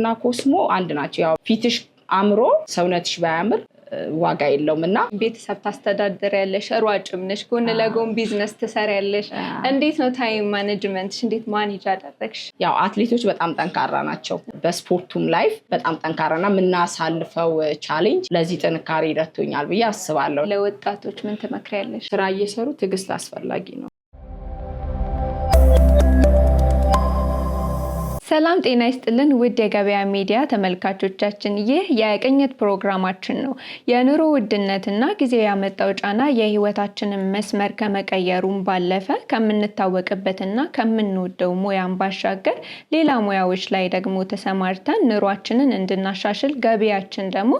እና ኮስሞ አንድ ናቸው። ያው ፊትሽ አምሮ ሰውነትሽ ባያምር ዋጋ የለውም እና ቤተሰብ ታስተዳደሪያለሽ፣ ሯጭም ነሽ፣ ጎን ለጎን ቢዝነስ ያለሽ እንዴት ነው ታይም ማኔጅመንትሽ? እንዴት ማኔጅ አደረግሽ? ያው አትሌቶች በጣም ጠንካራ ናቸው። በስፖርቱም ላይፍ በጣም ጠንካራና የምናሳልፈው ቻሌንጅ ለዚህ ጥንካሬ ይረቶኛል ብዬ አስባለሁ። ለወጣቶች ምን ትመክሪያለሽ? ስራ እየሰሩ ትዕግስት አስፈላጊ ነው። ሰላም ጤና ይስጥልን ውድ የገበያ ሚዲያ ተመልካቾቻችን፣ ይህ የቅኝት ፕሮግራማችን ነው። የኑሮ ውድነትና ጊዜ ያመጣው ጫና የህይወታችንን መስመር ከመቀየሩም ባለፈ ከምንታወቅበትና ከምንወደው ሙያን ባሻገር ሌላ ሙያዎች ላይ ደግሞ ተሰማርተን ኑሯችንን እንድናሻሽል ገበያችን ደግሞ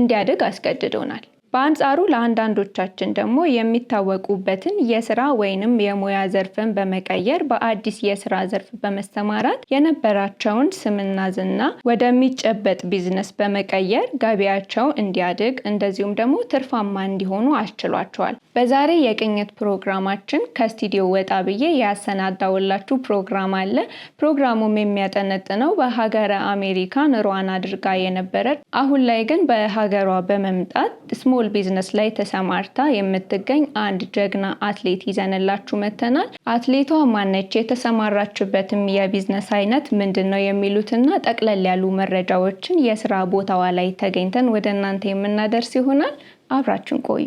እንዲያድግ አስገድዶናል። በአንጻሩ ለአንዳንዶቻችን ደግሞ የሚታወቁበትን የስራ ወይንም የሙያ ዘርፍን በመቀየር በአዲስ የስራ ዘርፍ በመሰማራት የነበራቸውን ስምና ዝና ወደሚጨበጥ ቢዝነስ በመቀየር ገቢያቸው እንዲያድግ እንደዚሁም ደግሞ ትርፋማ እንዲሆኑ አስችሏቸዋል። በዛሬ የቅኝት ፕሮግራማችን ከስቱዲዮ ወጣ ብዬ ያሰናዳውላችሁ ፕሮግራም አለ። ፕሮግራሙም የሚያጠነጥነው በሀገረ አሜሪካ ኑሯን አድርጋ የነበረች አሁን ላይ ግን በሀገሯ በመምጣት ስሞል ቢዝነስ ላይ ተሰማርታ የምትገኝ አንድ ጀግና አትሌት ይዘንላችሁ መተናል። አትሌቷ ማነች? የተሰማራችበትም የቢዝነስ አይነት ምንድን ነው? የሚሉትና ጠቅለል ያሉ መረጃዎችን የስራ ቦታዋ ላይ ተገኝተን ወደ እናንተ የምናደርስ ይሆናል። አብራችን ቆዩ።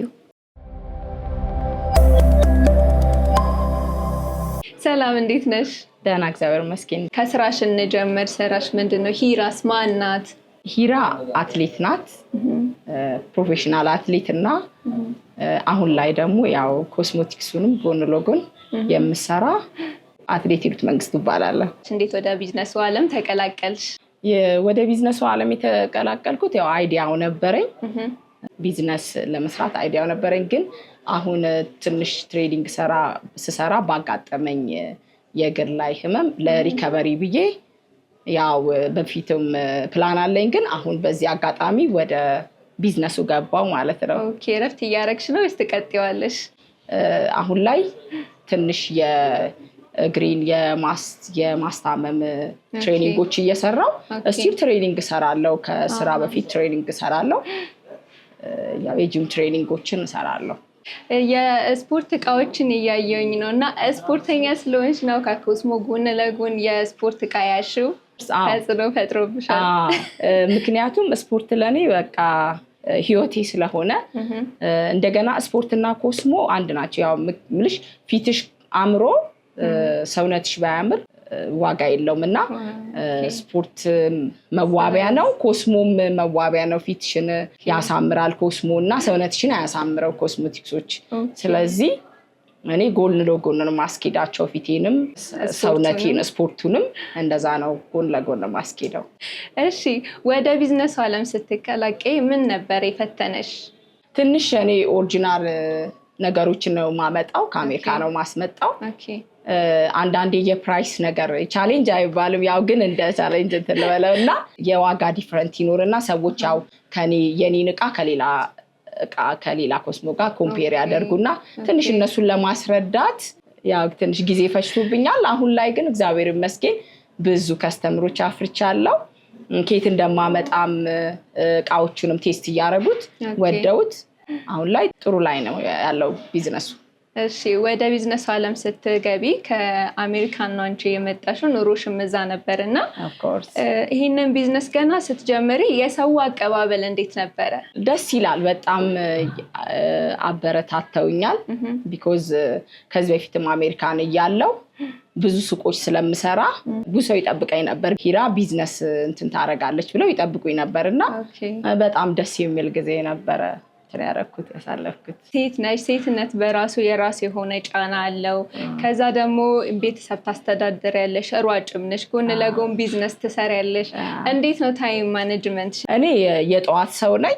ሰላም እንዴት ነሽ? ደህና እግዚአብሔር ይመስገን። ከስራሽ እንጀምር። ስራሽ ምንድን ነው? ሂራስ ማን ናት? ሂራ አትሌት ናት፣ ፕሮፌሽናል አትሌት እና አሁን ላይ ደግሞ ያው ኮስሞቲክሱንም ጎን ለጎን የምሰራ አትሌት መንግስት መንግስቱ እባላለሁ። እንዴት ወደ ቢዝነሱ አለም ተቀላቀልሽ? ወደ ቢዝነሱ አለም የተቀላቀልኩት ያው አይዲያው ነበረኝ፣ ቢዝነስ ለመስራት አይዲያው ነበረኝ ግን አሁን ትንሽ ትሬዲንግ ሰራ ስሰራ ባጋጠመኝ የእግር ላይ ህመም ለሪከቨሪ ብዬ ያው በፊትም ፕላን አለኝ፣ ግን አሁን በዚህ አጋጣሚ ወደ ቢዝነሱ ገባው ማለት ነው። ኦኬ እረፍት እያረግሽ ነው ወይስ ትቀጥያለሽ? አሁን ላይ ትንሽ የግሪን የማስታመም ትሬኒንጎች እየሰራው እስቲል ትሬኒንግ እሰራለሁ። ከስራ በፊት ትሬኒንግ እሰራለሁ። የጂም ትሬኒንጎችን እሰራለሁ። የስፖርት እቃዎችን እያየኝ ነው እና ስፖርተኛ ስለሆንሽ ነው ከኮስሞ ጎን ለጎን የስፖርት እቃ ያሽው ተጽዕኖ ፈጥሮብሻል? ምክንያቱም ስፖርት ለእኔ በቃ ህይወቴ ስለሆነ እንደገና ስፖርትና ኮስሞ አንድ ናቸው። ያው ምልሽ ፊትሽ አምሮ ሰውነትሽ ባያምር ዋጋ የለውም እና ስፖርት መዋቢያ ነው። ኮስሞም መዋቢያ ነው። ፊትሽን ያሳምራል ኮስሞ እና ሰውነትሽን አያሳምረው ኮስሞቲክሶች። ስለዚህ እኔ ጎን ለጎን ነው ማስኬዳቸው። ፊቴንም ሰውነቴን ስፖርቱንም እንደዛ ነው ጎን ለጎን ማስኬደው። እሺ፣ ወደ ቢዝነሱ አለም ስትቀላቀይ ምን ነበር የፈተነሽ? ትንሽ እኔ ኦሪጂናል ነገሮችን ነው ማመጣው፣ ከአሜሪካ ነው ማስመጣው አንዳንዴ የፕራይስ ነገር ቻሌንጅ አይባልም፣ ያው ግን እንደ ቻሌንጅ እንትን እና የዋጋ ዲፍረንት ይኖር እና ሰዎች ያው ከኔ የኔን እቃ ከሌላ እቃ ከሌላ ኮስሞ ጋር ኮምፔር ያደርጉና ትንሽ እነሱን ለማስረዳት ያው ትንሽ ጊዜ ፈጅቶብኛል። አሁን ላይ ግን እግዚአብሔር ይመስገን ብዙ ከስተምሮች አፍርቻለሁ። ኬት እንደማመጣም እቃዎቹንም ቴስት እያደረጉት ወደውት አሁን ላይ ጥሩ ላይ ነው ያለው ቢዝነሱ። እሺ ወደ ቢዝነሱ ዓለም ስትገቢ ከአሜሪካን ነው እንጂ የመጣሽው፣ ኑሮሽ እዛ ነበር እና ይህንን ቢዝነስ ገና ስትጀምሪ የሰው አቀባበል እንዴት ነበረ? ደስ ይላል። በጣም አበረታተውኛል። ቢኮዝ ከዚህ በፊትም አሜሪካን እያለው ብዙ ሱቆች ስለምሰራ ብዙ ሰው ይጠብቀኝ ነበር። ኪራ ቢዝነስ እንትን ታደረጋለች ብለው ይጠብቁኝ ነበር እና በጣም ደስ የሚል ጊዜ ነበረ። ነው ያደረኩት ያሳለፍኩት። ሴት ነች። ሴትነት በራሱ የራሱ የሆነ ጫና አለው። ከዛ ደግሞ ቤተሰብ ያለሽ፣ ሯጭም ነሽ፣ ጎን ለጎን ቢዝነስ ያለሽ፣ እንዴት ነው ታይም ማኔጅመንት? እኔ የጠዋት ሰው ነኝ።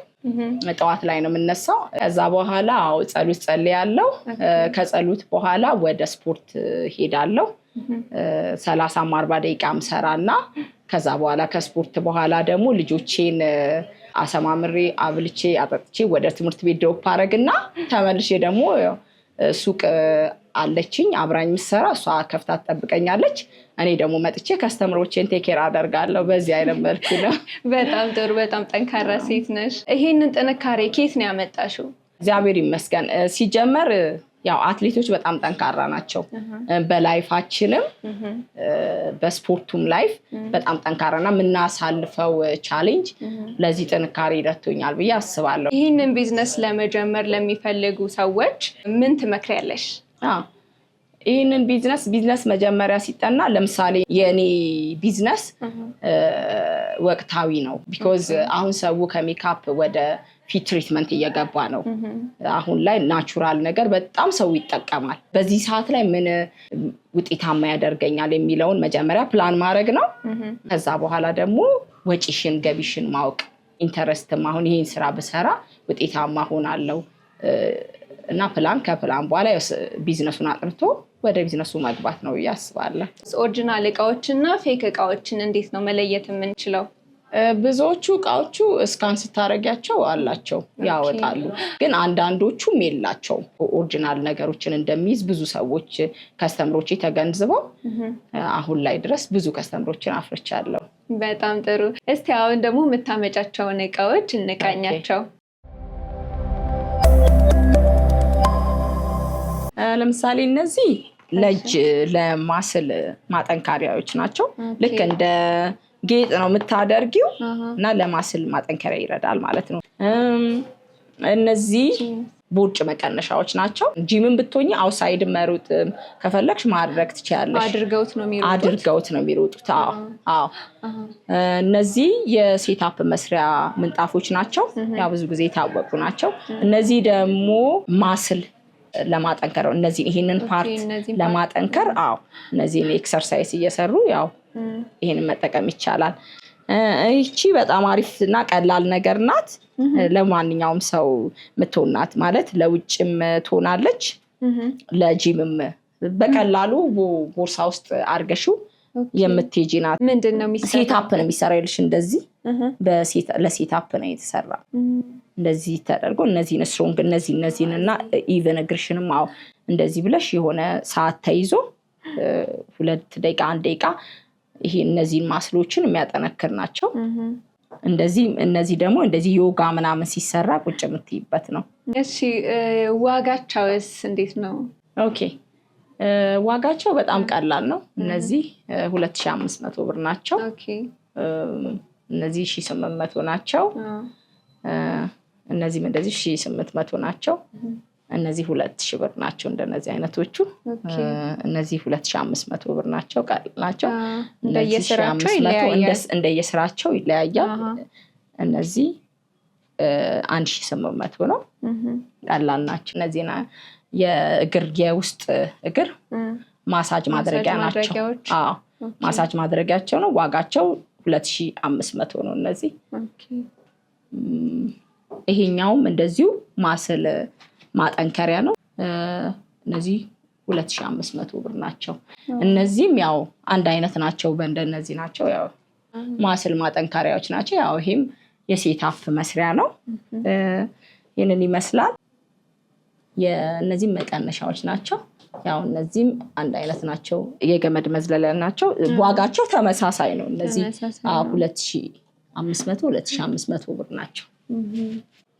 ጠዋት ላይ ነው የምነሳው። ከዛ በኋላ ጸሎት ጸልያለሁ። ከጸሎት በኋላ ወደ ስፖርት ሄዳለሁ። ሰላሳም አርባ ደቂቃ ሰራና ከዛ በኋላ ከስፖርት በኋላ ደግሞ ልጆቼን አሰማምሬ አብልቼ አጠጥቼ ወደ ትምህርት ቤት ዶፕ አረግና ተመልሼ ደግሞ ሱቅ አለችኝ አብራኝ የምትሰራ እሷ ከፍታ ትጠብቀኛለች። እኔ ደግሞ መጥቼ ከስተምሮቼን ቴኬር አደርጋለሁ። በዚህ አይነት መልኩ ነው። በጣም ጥሩ። በጣም ጠንካራ ሴት ነሽ። ይሄንን ጥንካሬ ኬት ነው ያመጣሽው? እግዚአብሔር ይመስገን ሲጀመር ያው አትሌቶች በጣም ጠንካራ ናቸው። በላይፋችንም በስፖርቱም ላይፍ በጣም ጠንካራና የምናሳልፈው ቻሌንጅ ለዚህ ጥንካሬ ይረቶኛል ብዬ አስባለሁ። ይህንን ቢዝነስ ለመጀመር ለሚፈልጉ ሰዎች ምን ትመክሪያለሽ? ይህንን ቢዝነስ ቢዝነስ መጀመሪያ ሲጠና ለምሳሌ የእኔ ቢዝነስ ወቅታዊ ነው። ቢኮዝ አሁን ሰው ከሜካፕ ወደ ፊት ትሪትመንት እየገባ ነው። አሁን ላይ ናቹራል ነገር በጣም ሰው ይጠቀማል። በዚህ ሰዓት ላይ ምን ውጤታማ ያደርገኛል የሚለውን መጀመሪያ ፕላን ማድረግ ነው። ከዛ በኋላ ደግሞ ወጪሽን፣ ገቢሽን ማወቅ ኢንተረስትም አሁን ይህን ስራ ብሰራ ውጤታማ ሆናለው እና ፕላን ከፕላን በኋላ ቢዝነሱን አጥርቶ ወደ ቢዝነሱ መግባት ነው ብዬ አስባለሁ። ኦሪጂናል እቃዎችና ፌክ እቃዎችን እንዴት ነው መለየት የምንችለው? ብዙዎቹ እቃዎቹ እስካን ስታደረጊያቸው አላቸው ያወጣሉ፣ ግን አንዳንዶቹም የላቸው ኦሪጂናል ነገሮችን እንደሚይዝ ብዙ ሰዎች ከስተምሮች ተገንዝበው አሁን ላይ ድረስ ብዙ ከስተምሮችን አፍርቻለሁ። በጣም ጥሩ። እስቲ አሁን ደግሞ የምታመጫቸውን እቃዎች እንቃኛቸው። ለምሳሌ እነዚህ ለእጅ ለማስል ማጠንካሪያዎች ናቸው ልክ እንደ ጌጥ ነው የምታደርጊው እና ለማስል ማጠንከሪያ ይረዳል ማለት ነው። እነዚህ ቦርጭ መቀነሻዎች ናቸው። ጂምን ብትሆኝ አውሳይድ መሩጥ ከፈለግሽ ማድረግ ትችያለሽ። አድርገውት ነው የሚሮጡት አዎ አዎ። እነዚህ የሴታፕ መስሪያ ምንጣፎች ናቸው። ያው ብዙ ጊዜ የታወቁ ናቸው። እነዚህ ደግሞ ማስል ለማጠንከር እነዚህ ይህንን ፓርት ለማጠንከር አዎ፣ እነዚህን ኤክሰርሳይዝ እየሰሩ ያው ይሄንን መጠቀም ይቻላል። ይቺ በጣም አሪፍ እና ቀላል ነገር ናት። ለማንኛውም ሰው የምትሆን ማለት ለውጭም ትሆናለች፣ ለጂምም በቀላሉ ቦርሳ ውስጥ አድርገሽው የምትሄጂ ናት። ምንድን ነው ሴት አፕ ነው የሚሰራ ይልሽ እንደዚህ ለሴት አፕ ነው የተሰራ እንደዚህ ተደርጎ እነዚህን ስትሮንግ እነዚህ እነዚህን እና ኢቨን እግርሽንም አዎ እንደዚህ ብለሽ የሆነ ሰዓት ተይዞ ሁለት ደቂቃ አንድ ደቂቃ ይሄ እነዚህን ማስሎችን የሚያጠነክር ናቸው። እንደዚህ እነዚህ ደግሞ እንደዚህ ዮጋ ምናምን ሲሰራ ቁጭ የምትይበት ነው። እሺ ዋጋቸውስ እንዴት ነው? ኦኬ ዋጋቸው በጣም ቀላል ነው። እነዚህ ሁለት ሺህ አምስት መቶ ብር ናቸው። እነዚህ ሺህ ስምንት መቶ ናቸው። እነዚህም እንደዚህ ሺህ ስምንት መቶ ናቸው። እነዚህ ሁለት ሺ ብር ናቸው። እንደነዚህ አይነቶቹ እነዚህ ሁለት ሺ አምስት መቶ ብር ናቸው። ቃል ናቸው እንደየስራቸው ይለያያል። እነዚህ አንድ ሺ ስምንት መቶ ነው። ቀላል ናቸው። እነዚህ የእግር የውስጥ እግር ማሳጅ ማድረጊያ ናቸው። ማሳጅ ማድረጊያቸው ነው። ዋጋቸው ሁለት ሺ አምስት መቶ ነው። እነዚህ ይሄኛውም እንደዚሁ ማስል ማጠንከሪያ ነው። እነዚህ 2500 መቶ ብር ናቸው። እነዚህም ያው አንድ አይነት ናቸው። በእንደነዚህ ናቸው። ያው ማስል ማጠንከሪያዎች ናቸው። ያው ይሄም የሴት አፍ መስሪያ ነው። ይህንን ይመስላል። የእነዚህም መቀነሻዎች ናቸው። ያው እነዚህም አንድ አይነት ናቸው። የገመድ መዝለያ ናቸው። ዋጋቸው ተመሳሳይ ነው። እነዚህ ሁለት አምስት መቶ ሁለት አምስት መቶ ብር ናቸው።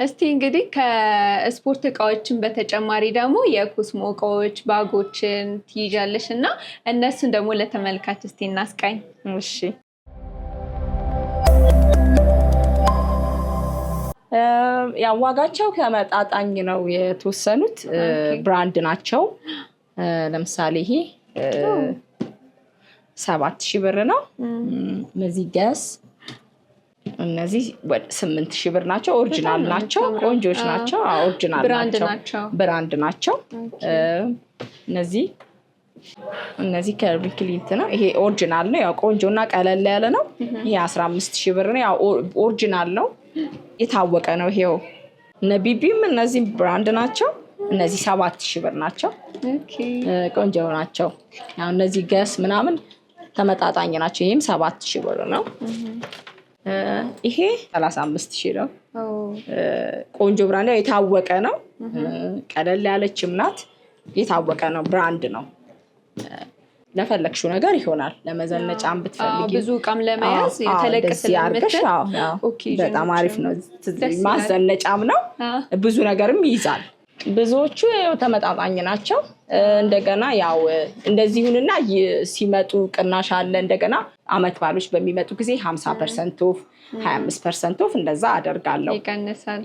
እስቲ እንግዲህ ከስፖርት እቃዎችን በተጨማሪ ደግሞ የኮስሞ እቃዎች ባጎችን ትይዣለሽ እና እነሱን ደግሞ ለተመልካች እስቲ እናስቃኝ። እሺ፣ ያው ዋጋቸው ከመጣጣኝ ነው የተወሰኑት። ብራንድ ናቸው። ለምሳሌ ይሄ ሰባት ሺህ ብር ነው። እነዚህ ገስ እነዚህ ስምንት ሺህ ብር ናቸው። ኦሪጂናል ናቸው። ቆንጆች ናቸው። ኦሪጂናል ናቸው። ብራንድ ናቸው። እነዚህ እነዚህ ከርቢ ነው። ይሄ ኦሪጂናል ነው። ያው ቆንጆ እና ቀለል ያለ ነው። ይሄ አስራ አምስት ሺህ ብር ነው። ያው ኦሪጂናል ነው። የታወቀ ነው። ይሄው እነ ቢቢም እነዚህ ብራንድ ናቸው። እነዚህ ሰባት ሺህ ብር ናቸው። ቆንጆ ናቸው። ያው እነዚህ ገስ ምናምን ተመጣጣኝ ናቸው። ይህም ሰባት ሺህ ብር ነው። ይሄ 35 ሺህ ነው። ቆንጆ ብራንድ ነው፣ የታወቀ ነው። ቀለል ያለችም ናት፣ የታወቀ ነው፣ ብራንድ ነው። ለፈለግሽው ነገር ይሆናል። ለመዘነጫ ብትፈልጊ ብዙ እቃም ለመያዝ በጣም አሪፍ ነው። ማዘነጫም ነው፣ ብዙ ነገርም ይይዛል። ብዙዎቹ ው ተመጣጣኝ ናቸው። እንደገና ያው እንደዚሁንና ሲመጡ ቅናሽ አለ። እንደገና አመት ባሎች በሚመጡ ጊዜ ሀምሳ ፐርሰንት ኦፍ፣ ሀያ አምስት ፐርሰንት ኦፍ እንደዛ አደርጋለሁ።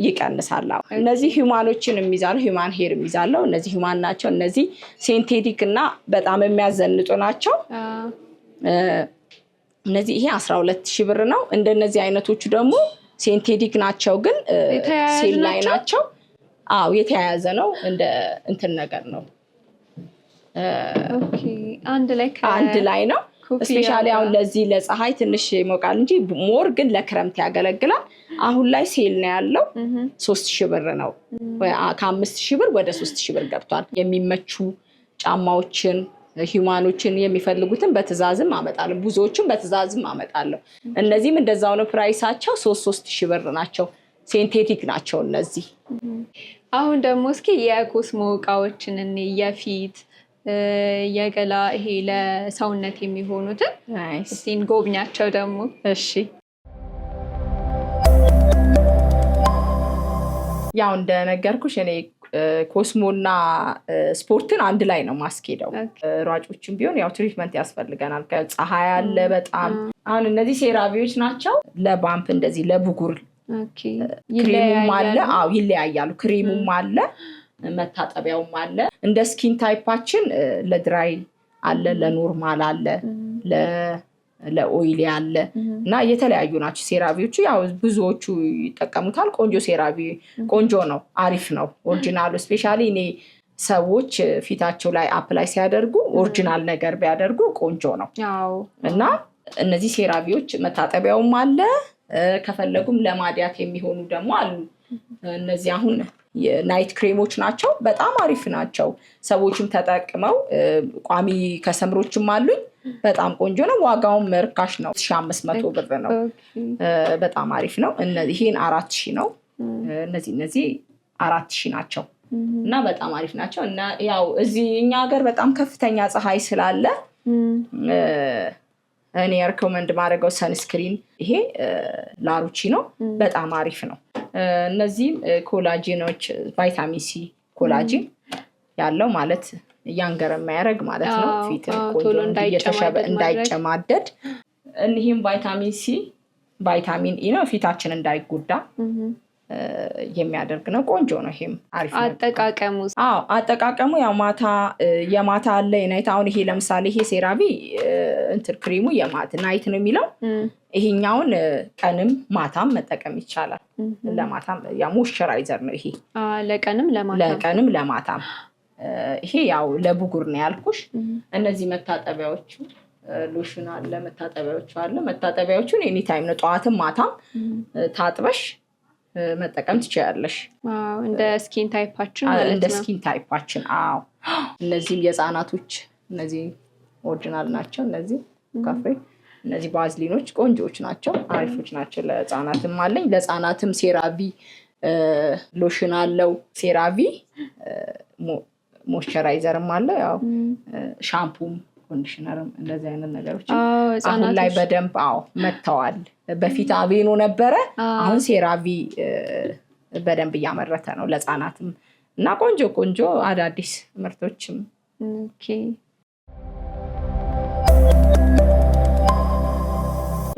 ይቀንሳል። እነዚህ ሂማኖችን የሚይዛለሁ፣ ሂማን ሄር የሚዛለው እነዚህ ሂማን ናቸው። እነዚህ ሴንቴቲክ እና በጣም የሚያዘንጡ ናቸው። እነዚህ ይሄ አስራ ሁለት ሺህ ብር ነው። እንደነዚህ አይነቶቹ ደግሞ ሴንቴቲክ ናቸው፣ ግን ሴል ላይ ናቸው አዎ የተያያዘ ነው። እንደ እንትን ነገር ነው። አንድ ላይ ነው። ስፔሻሊ አሁን ለዚህ ለፀሐይ ትንሽ ይሞቃል እንጂ ሞር ግን ለክረምት ያገለግላል። አሁን ላይ ሴል ነው ያለው ሶስት ሺህ ብር ነው። ከአምስት ሺህ ብር ወደ ሶስት ሺህ ብር ገብቷል። የሚመቹ ጫማዎችን ሂማኖችን የሚፈልጉትን በትእዛዝም አመጣለሁ። ብዙዎችን በትእዛዝም አመጣለሁ። እነዚህም እንደዛው ነው። ፕራይሳቸው ሶስት ሶስት ሺህ ብር ናቸው። ሴንቴቲክ ናቸው እነዚህ አሁን ደግሞ እስኪ የኮስሞ እቃዎችን እኔ የፊት የገላ ይሄ ለሰውነት የሚሆኑትን እስኪ ጎብኛቸው ደግሞ። እሺ ያው እንደነገርኩሽ እኔ ኮስሞና ስፖርትን አንድ ላይ ነው ማስኬደው። ሯጮችን ቢሆን ያው ትሪትመንት ያስፈልገናል። ፀሐይ አለ በጣም አሁን እነዚህ ሴራቪዎች ናቸው ለባምፕ እንደዚህ ለብጉር ክሬሙም አለ። አዎ ይለያያሉ። ክሬሙም አለ፣ መታጠቢያውም አለ። እንደ ስኪን ታይፓችን ለድራይ አለ፣ ለኖርማል አለ፣ ለኦይሊ አለ እና የተለያዩ ናቸው ሴራቪዎቹ። ያው ብዙዎቹ ይጠቀሙታል። ቆንጆ ሴራቪ ቆንጆ ነው፣ አሪፍ ነው ኦሪጂናሉ። ስፔሻሊ እኔ ሰዎች ፊታቸው ላይ አፕላይ ሲያደርጉ ኦሪጂናል ነገር ቢያደርጉ ቆንጆ ነው እና እነዚህ ሴራቪዎች መታጠቢያውም አለ ከፈለጉም ለማዲያት የሚሆኑ ደግሞ አሉ። እነዚህ አሁን ናይት ክሬሞች ናቸው። በጣም አሪፍ ናቸው። ሰዎችም ተጠቅመው ቋሚ ከሰምሮችም አሉኝ። በጣም ቆንጆ ነው። ዋጋውም ርካሽ ነው። ሺ አምስት መቶ ብር ነው። በጣም አሪፍ ነው። ይሄን አራት ሺ ነው። እነዚህ እነዚህ አራት ሺ ናቸው እና በጣም አሪፍ ናቸው እና ያው እዚህ እኛ ሀገር በጣም ከፍተኛ ፀሐይ ስላለ እኔ ሪኮመንድ ማድረገው ሰንስክሪን ይሄ ላሩቺ ነው፣ በጣም አሪፍ ነው። እነዚህም ኮላጂኖች ቫይታሚን ሲ ኮላጂን ያለው ማለት እያንገረ የማያደርግ ማለት ነው። ፊት ቆንጆ እንዳይጨማደድ እኒህም ቫይታሚን ሲ ቫይታሚን ኢ ነው፣ ፊታችን እንዳይጎዳ የሚያደርግ ነው። ቆንጆ ነው። ይሄም አሪፍ አጠቃቀሙ አዎ አጠቃቀሙ ያው ማታ የማታ አለ የናይት አሁን ይሄ ለምሳሌ ይሄ ሴራቪ እንትን ክሪሙ የማት ናይት ነው የሚለው ይሄኛውን ቀንም ማታም መጠቀም ይቻላል። ለማታም ያ ሞይስቸራይዘር ነው ይሄ ለቀንም ለቀንም ለማታም ይሄ ያው ለብጉር ነው ያልኩሽ። እነዚህ መታጠቢያዎቹ ሎሽን አለ መታጠቢያዎቹ አለ መታጠቢያዎቹን ኤኒታይም ነው ጠዋትም ማታም ታጥበሽ መጠቀም ትችላለሽ። እንደ ስኪን ታይፓችን እንደ ስኪን ታይፓችን። አዎ እነዚህም የህፃናቶች እነዚህ ኦሪጂናል ናቸው። እነዚህ ካፌ እነዚህ ባዝሊኖች ቆንጆዎች ናቸው፣ አሪፎች ናቸው። ለህፃናትም አለኝ። ለህፃናትም ሴራቪ ሎሽን አለው። ሴራቪ ሞይስቸራይዘርም አለው። ያው ሻምፑም ኮንዲሽነርም እንደዚህ አይነት ነገሮች አሁን ላይ በደንብ አዎ መጥተዋል። በፊት አቬኖ ነበረ፣ አሁን ሴራቪ በደንብ እያመረተ ነው ለህፃናትም እና ቆንጆ ቆንጆ አዳዲስ ምርቶችም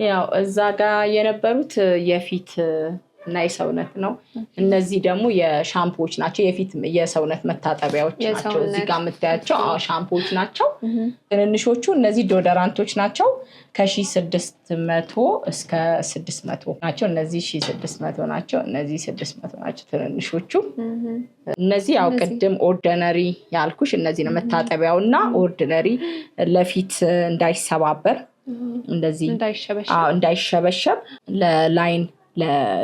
ያው እዛ ጋር የነበሩት የፊት እና የሰውነት ነው። እነዚህ ደግሞ የሻምፖዎች ናቸው። የፊት የሰውነት መታጠቢያዎች ናቸው። እዚህ ጋር የምታያቸው ሻምፖዎች ናቸው። ትንንሾቹ እነዚህ ዶደራንቶች ናቸው። ከሺ ስድስት መቶ እስከ ስድስት መቶ ናቸው። እነዚህ ሺ ስድስት መቶ ናቸው። እነዚህ ስድስት መቶ ናቸው ትንንሾቹ። እነዚህ ያው ቅድም ኦርዲነሪ ያልኩሽ እነዚህ ነው መታጠቢያው እና ኦርዲነሪ ለፊት እንዳይሰባበር እንደዚህ እንዳይሸበሸብ ለላይን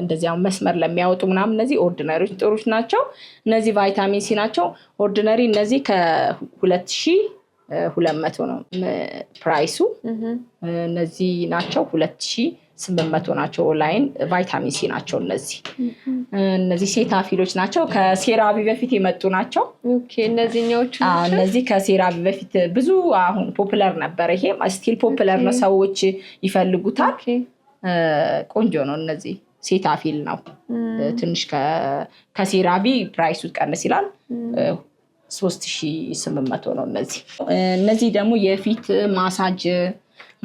እንደዚያው መስመር ለሚያወጡ ምናምን እነዚህ ኦርዲነሪዎች ጥሩች ናቸው። እነዚህ ቫይታሚን ሲ ናቸው። ኦርዲነሪ እነዚህ ከሁለት ሺህ ሁለት መቶ ነው ፕራይሱ። እነዚህ ናቸው ሁለት ሺ ስምንት መቶ ናቸው። ላይን ቫይታሚን ሲ ናቸው። እነዚህ እነዚህ ሴታፊሎች ናቸው። ከሴራቢ በፊት የመጡ ናቸው። እነዚህኛዎቹ እነዚህ ከሴራቢ በፊት ብዙ አሁን ፖፕለር ነበር። ይሄ ስቲል ፖፕለር ነው፣ ሰዎች ይፈልጉታል። ቆንጆ ነው። እነዚህ ሴታፊል ነው። ትንሽ ከሴራቪ ፕራይሱ ቀንስ ይላል። ሶስት ሺ ስምንት መቶ ነው። እነዚህ እነዚህ ደግሞ የፊት ማሳጅ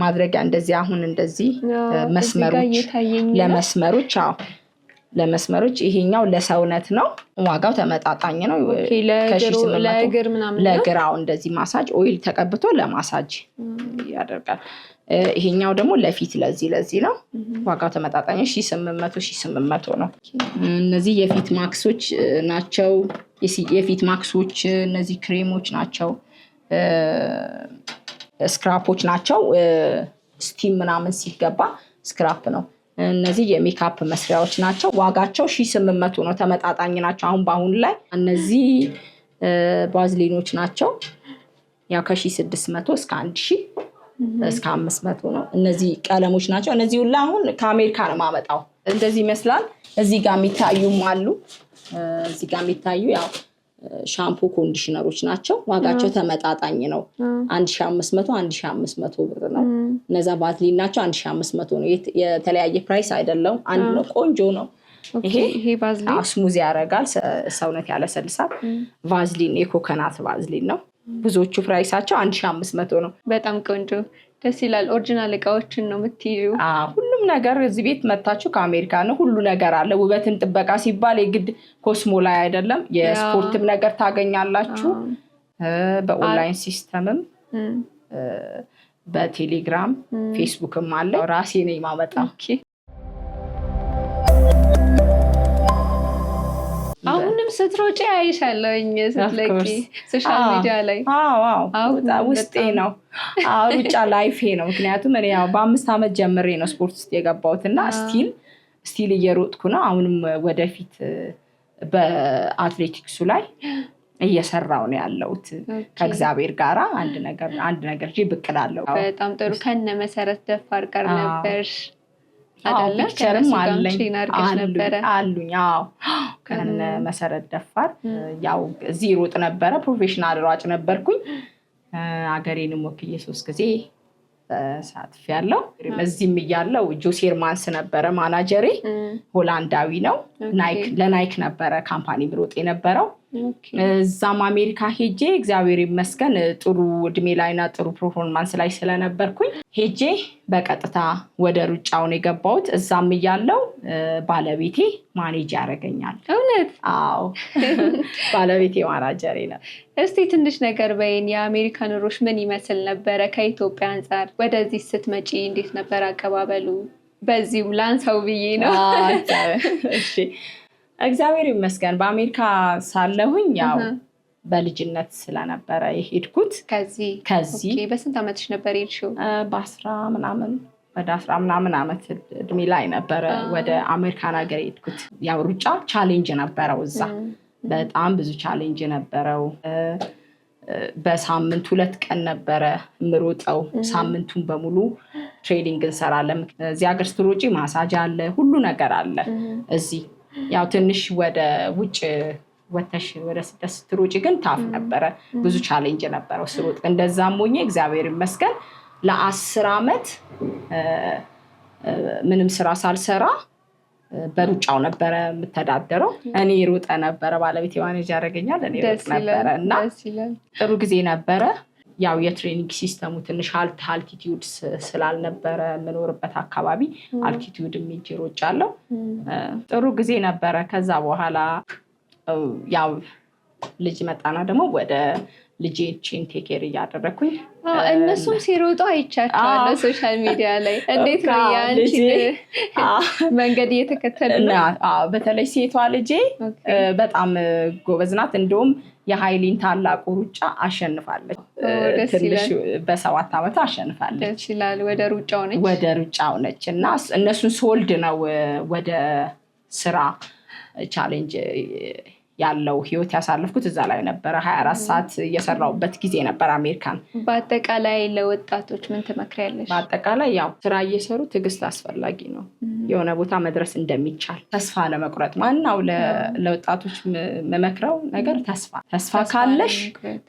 ማድረጊያ እንደዚህ አሁን እንደዚህ መስመሮች ለመስመሮች አዎ ለመስመሮች ይሄኛው ለሰውነት ነው። ዋጋው ተመጣጣኝ ነው። ለግራው እንደዚህ ማሳጅ ኦይል ተቀብቶ ለማሳጅ ያደርጋል። ይሄኛው ደግሞ ለፊት ለዚህ ለዚህ ነው። ዋጋው ተመጣጣኝ ሺ ስምንት መቶ ሺ ስምንት መቶ ነው። እነዚህ የፊት ማክሶች ናቸው። የፊት ማክሶች እነዚህ ክሬሞች ናቸው። ስክራፖች ናቸው። ስቲም ምናምን ሲገባ ስክራፕ ነው። እነዚህ የሜካፕ መስሪያዎች ናቸው። ዋጋቸው ሺ ስምንት መቶ ነው። ተመጣጣኝ ናቸው። አሁን በአሁን ላይ እነዚህ ባዝሊኖች ናቸው። ያው ከሺ ስድስት መቶ እስከ አንድ ሺ እስከ አምስት መቶ ነው። እነዚህ ቀለሞች ናቸው። እነዚህ ሁላ አሁን ከአሜሪካ ነው የማመጣው። እንደዚህ ይመስላል። እዚህ ጋር የሚታዩም አሉ። እዚህ ጋር የሚታዩ ያው ሻምፑ ኮንዲሽነሮች ናቸው። ዋጋቸው ተመጣጣኝ ነው። አንድ ሺ አምስት መቶ አንድ ሺ አምስት መቶ ብር ነው። እነዛ ባትሊን ናቸው። አንድ ሺ አምስት መቶ ነው። የተለያየ ፕራይስ አይደለም። አንድ ነው። ቆንጆ ነው። ይሄ ስሙዝ ያደርጋል፣ ሰውነት ያለሰልሳል። ቫዝሊን የኮከናት ቫዝሊን ነው። ብዙዎቹ ፕራይሳቸው አንድ ሺ አምስት መቶ ነው። በጣም ቆንጆ ደስ ይላል። ኦሪጂናል እቃዎችን ነው የምትይዙ። ሁሉም ነገር እዚህ ቤት መታችሁ ከአሜሪካ ነው። ሁሉ ነገር አለ። ውበትን ጥበቃ ሲባል የግድ ኮስሞ ላይ አይደለም። የስፖርትም ነገር ታገኛላችሁ። በኦንላይን ሲስተምም በቴሌግራም ፌስቡክም አለ። ራሴ ነኝ ማመጣ ስትሮጪ አይሻለኝ ስትለቂ ሶሻል ሚዲያ ላይ ውስጤ ነው። ሩጫ ላይፌ ነው። ምክንያቱም እኔ ያው በአምስት ዓመት ጀምሬ ነው ስፖርት ውስጥ የገባሁት እና ስቲል ስቲል እየሮጥኩ ነው። አሁንም ወደፊት በአትሌቲክሱ ላይ እየሰራው ነው ያለውት ከእግዚአብሔር ጋር አንድ ነገር አንድ ነገር ብቅ በጣም ጥሩ ከነ መሰረት ደፋር ጋር ነበር ፒክቸርም አለኝ አሉኝ። አዎ ከነ መሰረት ደፋር ያው እዚህ ሮጥ ነበረ። ፕሮፌሽናል ሯጭ ነበርኩኝ። አገሬንም ወክዬ ሶስት ጊዜ ሳትፍ ያለው እዚህም እያለው ጆሴር ማንስ ነበረ ማናጀሬ። ሆላንዳዊ ነው። ለናይክ ነበረ ካምፓኒ ብሮጥ የነበረው እዛም አሜሪካ ሄጄ እግዚአብሔር ይመስገን ጥሩ እድሜ ላይና ጥሩ ፐርፎርማንስ ላይ ስለነበርኩኝ ሄጄ በቀጥታ ወደ ሩጫውን የገባውት የገባሁት። እዛም እያለው ባለቤቴ ማኔጅ ያደርገኛል። እውነት? አዎ፣ ባለቤቴ ማናጀሬ ነው። እስቲ ትንሽ ነገር በይን። የአሜሪካ ኑሮች ምን ይመስል ነበረ ከኢትዮጵያ አንጻር? ወደዚህ ስትመጪ እንዴት ነበር አቀባበሉ? በዚሁም ላንሳው ብዬ ነው። እሺ እግዚአብሔር ይመስገን በአሜሪካ ሳለሁኝ ያው በልጅነት ስለነበረ የሄድኩት ከዚህ ከዚህ በስንት ዓመትሽ ነበር የሄድሽው? በአስራ ምናምን ወደ አስራ ምናምን ዓመት እድሜ ላይ ነበረ ወደ አሜሪካን ሀገር የሄድኩት። ያው ሩጫ ቻሌንጅ ነበረው እዛ በጣም ብዙ ቻሌንጅ ነበረው። በሳምንት ሁለት ቀን ነበረ ምሮጠው። ሳምንቱን በሙሉ ትሬኒንግ እንሰራለን። እዚህ ሀገር ስትሮጪ ማሳጅ አለ፣ ሁሉ ነገር አለ እዚህ ያው ትንሽ ወደ ውጭ ወተሽ ወደ ስደት ስትሮጪ ግን ታፍ ነበረ፣ ብዙ ቻሌንጅ ነበረው ስሮጥ። እንደዛም ሞኜ እግዚአብሔር ይመስገን ለአስር ዓመት ምንም ስራ ሳልሰራ በሩጫው ነበረ የምተዳደረው። እኔ ሮጠ ነበረ ባለቤት ማኔጅ ያደረገኛል። እኔ ሮጥ ነበረ እና ጥሩ ጊዜ ነበረ። ያው የትሬኒንግ ሲስተሙ ትንሽ አልት አልቲቲዩድ ስላልነበረ የምኖርበት አካባቢ አልቲቲዩድ የሚጅ ሮጭ አለው ጥሩ ጊዜ ነበረ። ከዛ በኋላ ያው ልጅ መጣና ደግሞ ወደ ልጄችን ቴኬር እያደረግኩኝ እነሱም ሲሮጡ አይቻቸዋለሁ ሶሻል ሚዲያ ላይ እንዴት ነው የአንቺ መንገድ እየተከተሉ በተለይ ሴቷ ልጄ በጣም ጎበዝ ናት እንዲሁም የሀይሊን ታላቁ ሩጫ አሸንፋለች ትንሽ በሰባት ዓመት አሸንፋለች ወደ ሩጫው ነች ወደ ሩጫው ነች እና እነሱን ስወልድ ነው ወደ ስራ ቻሌንጅ ያለው ህይወት ያሳለፍኩት እዛ ላይ ነበረ። ሀያ አራት ሰዓት እየሰራውበት ጊዜ ነበር አሜሪካን። በአጠቃላይ ለወጣቶች ምን ትመክሪያለሽ? በአጠቃላይ ያው ስራ እየሰሩ ትዕግስት አስፈላጊ ነው። የሆነ ቦታ መድረስ እንደሚቻል ተስፋ ለመቁረጥ ማናው ለወጣቶች መመክረው ነገር ተስፋ ተስፋ ካለሽ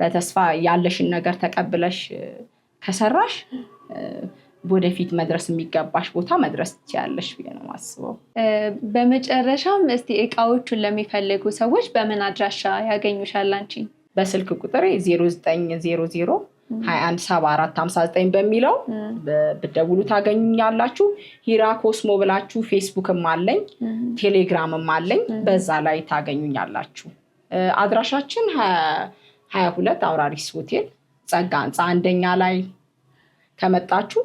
በተስፋ ያለሽን ነገር ተቀብለሽ ከሰራሽ ወደፊት መድረስ የሚገባሽ ቦታ መድረስ ትችያለሽ ብዬ ነው ማስበው። በመጨረሻም እስቲ እቃዎቹን ለሚፈልጉ ሰዎች በምን አድራሻ ያገኙሻል አንቺ? በስልክ ቁጥሬ 0900 21 74 በሚለው ብደውሉ ታገኙኛላችሁ። ሂራ ኮስሞ ብላችሁ ፌስቡክም አለኝ ቴሌግራምም አለኝ፣ በዛ ላይ ታገኙኛላችሁ። አድራሻችን 22 አውራሪስ ሆቴል ጸጋ ህንፃ አንደኛ ላይ ከመጣችሁ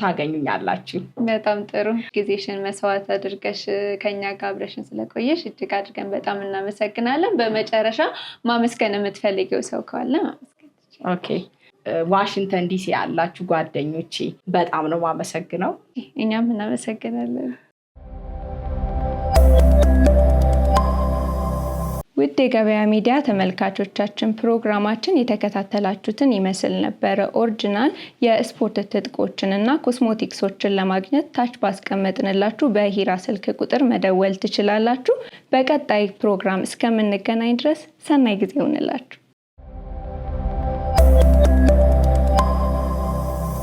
ታገኙኛላችሁ። በጣም ጥሩ ጊዜሽን መስዋዕት አድርገሽ ከኛ ጋር አብረሽን ስለቆየሽ እጅግ አድርገን በጣም እናመሰግናለን። በመጨረሻ ማመስገን የምትፈልጊው ሰው ከዋለ ማመስገን። ኦኬ ዋሽንግተን ዲሲ ያላችሁ ጓደኞቼ በጣም ነው ማመሰግነው። እኛም እናመሰግናለን። ውድ የገበያ ሚዲያ ተመልካቾቻችን ፕሮግራማችን የተከታተላችሁትን ይመስል ነበረ። ኦሪጂናል የስፖርት ትጥቆችን እና ኮስሞቲክሶችን ለማግኘት ታች ባስቀመጥንላችሁ በሂራ ስልክ ቁጥር መደወል ትችላላችሁ። በቀጣይ ፕሮግራም እስከምንገናኝ ድረስ ሰናይ ጊዜ ይሁንላችሁ።